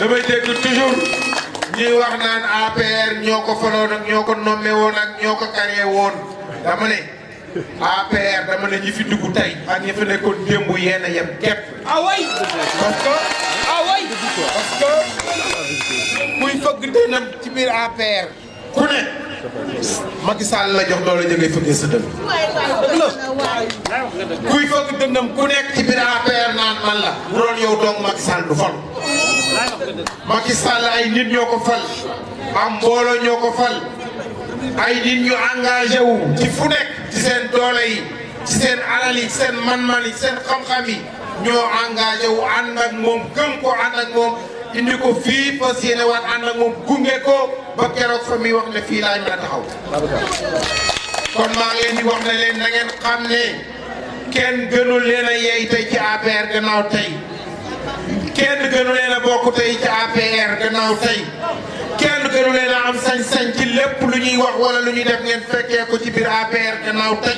damay dégg toujours ñuy wax naan APR ñoo ko faloon ak ñoo ko nommé woon ak ñoo ko karee woon dama ne APR dama ne ñi fi dugg tey ak ñi fi nekkoon a yem képp. ah, ah fëgg dënam ci biir APR. ku ne. Macky la jox doole jëgee fëggee sa dënn. kuy fëgg dënnam ku nekk ci biir APR naan man la. bu doon yow dong Macky Sall du Macky Sall ay nit ñoo ko fal am mbooloo ñoo ko fal ay nit ñu engagé wu ci fu nekk ci seen doole yi ci seen alal yi ci seen man yi ci seen xam-xam yi ñoo engagé wu ànd ak moom gëm ko ànd ak moom indi ko fii fas yéene waat ànd ak moom gunge ko ba keroog fa muy wax ne fii laay mën taxaw. kon maa ngi leen di wax ne leen na xam ne kenn gënul leen a yey tey ci APR gannaaw tey. kenn gënu leen a bokk tey ci APR gannaaw tey kenn gënu leen am sañ-sañ ci lépp lu ñuy wax wala lu ñuy def ngeen fekkee ko ci biir APR gannaaw tey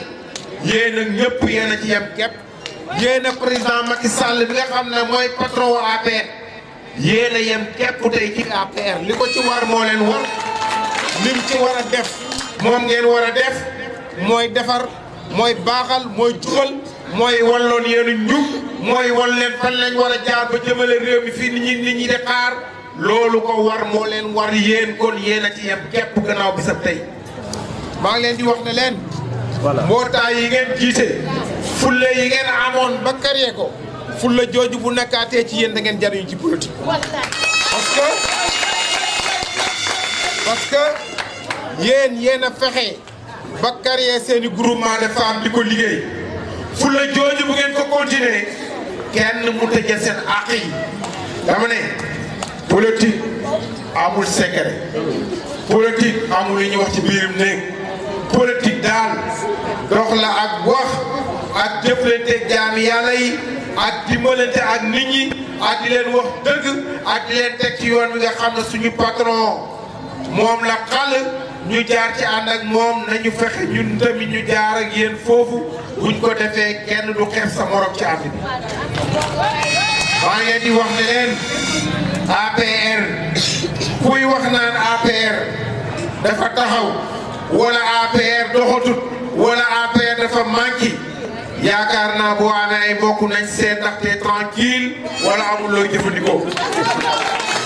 yéen a ñëpp yéen ci yem képp yéen a président Macky Sall bi nga xam ne mooy patron wa APR yéen a yem képp tey ci APR li ko ci war moo leen war lim ci war a def moom ngeen war a def mooy defar mooy baaxal mooy jubal mooy walloon yeenu njub mooy wal leen fan lañ war a jaar ba jëmale réew mi fii nit ñi nit ñi di xaar loolu ko war moo leen war yéen kon yéen a ci yem képp gannaaw bisab tey maa ngi leen di wax ne leen mbootaay yi ngeen jiite fulla yi ngeen amoon ba karee ko fulla jooju bu nekkaatee ci yéen da ngeen jariñu ci politique parce que parce que yéen yéen a fexe ba karee seeni groupement de di ko liggéey fulla jooju bu ngeen ko continuer kenn mu tëje seen àq yi dama ne politique amul secret politique amul lu ñuy wax ci biirum néeg politique daal dox la ak wax ak jëflante jaami yàlla yi ak dimbalante ak nit ñi ak di leen wax dëgg ak di leen teg ci yoon bi nga xam na suñu patron moom la xal ñu jaar ci ànd ak moom nañu fexe ñun tamit ñu jaar ak yéen foofu buñ ko defee kenn du xeeb sa morom ci ànd bi maa di wax ne leen APR kuy wax naan APR dafa taxaw wala APR doxatut wala APR dafa manqué yaakaar naa boo amee ay nañ seen ndaxte tranquille wala amul looy jëfandikoo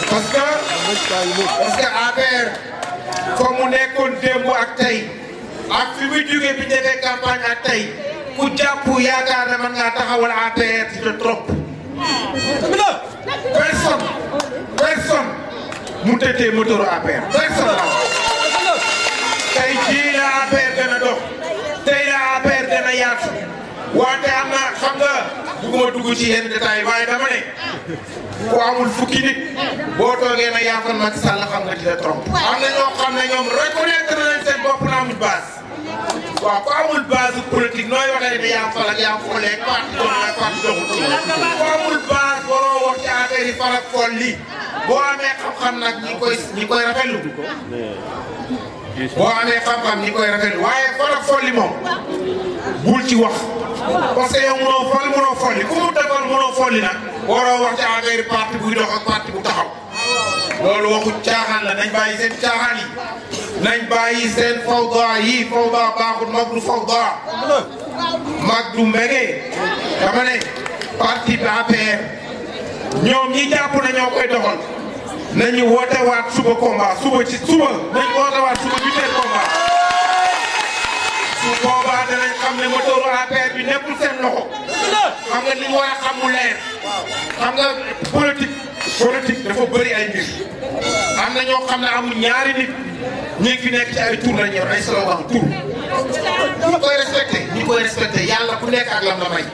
parce que parce que APR fa mu nekkoon démb ak tey ak fi mu jógee bi defee ak tey ku jàpp yaakaar ne mën ngaa taxawal APR ci te trop. personne personne mu tëddee motoru APR personne tey jii la APR dox tey la APR gën a yaatu wante am na bugguma dugg ci yenn détails waaye dama ne ku amul fukki nit boo toogee na yaafal Macky Sall xam nga dina trompe. am na ñoo xam ne ñoom reconnaître nañ seen bopp na amul base waaw ku amul base politique nooy waxee ne yaafal ak yaafulee ak parti doon ak parti doxul ku amul base waroo wax ci affaire yi farak fool lii boo amee xam-xam nag ñi koy ñi koy rafetlu boo amee xam-xam ñi koy rafetlu waaye farak fool li moom bul ci wax. parce que yow mënoo folli mënoo folli ku mu defal mënoo folli nag waroo wax ci affaire parti buy dox ak parti bu taxaw loolu waxu caaxaan la nañ bàyyi seen caaxaan yi nañ bàyyi seen fawda du fawda mag du mbégee dama parti bi APR ñoom ñi jàpp na ñoo koy doxal nañu wootewaat suba combat suba ci suba nañ wootewaat suba ñu teel combat su boobaa danañ bi nekkul seen loxo. xam nga li mu war a xam mu leer. xam nga politique. politique am na ñoo xam ne amul ñaari nit. ñi fi nekk ci ay tur la ñor ay slogan tur. ñu koy respecté ñu koy respecté yàlla ku nekk ak lam la may.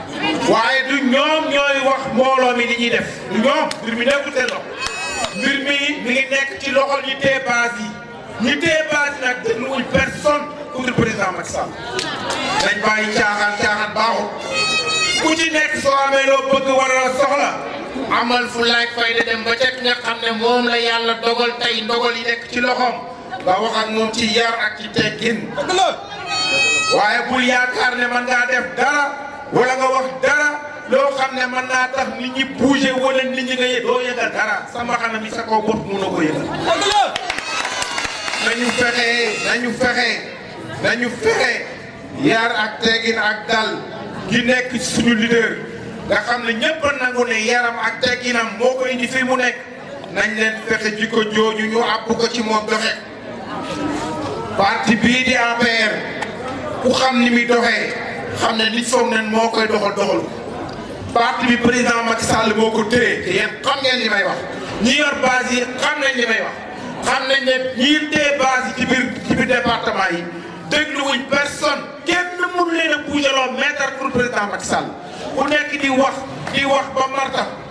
waaye du ñoom ñooy wax mbooloo mi li ñuy def. du ñoom mbir mi nekkul seen loxo. mbir mi mi ngi nekk ci loxol yi tee yi. ñi téye base nag dégluwuñ personne ku dul président Macky Sall dañ ku nekk soo amee loo bëgg wala soxla. amal fu laaj fay da dem ba nga xam ne moom la yàlla dogal tey ndogal yi nekk ci loxoom nga wax ak moom ci yar ak ci teggin. waaye bul yaakaar ne man ngaa def dara wala nga wax dara loo xam ne man naa tax nit ñi bouger wala nit ñi nga yëg doo dara sama xanaa mi sa kaw bopp mun na ko yëgal. nañu fexe nañu fexe nañu fexe yar ak teggin ak dal gi nekk suñu leader nga xam ne ñëpp a nangu ne yaram ak tegginam moo ko indi fii mu nekk nañ leen fexe jikko jooju ñu àbb ko ci moom doxe parti bii di APR ku xam ni muy doxee xam ne ni foog nen moo koy doxal doxal parti bi président Macky Sall moo ko téye te yéen xam ngeen li may wax ñi yor base yi xam nañ li may wax xam nañ ne ñii tee base yi ci biir ci biir département yi dégluwuñ personne kenn mënu leen a bouger loo mètre pour président Macky Sall ku nekk di wax di wax ba marta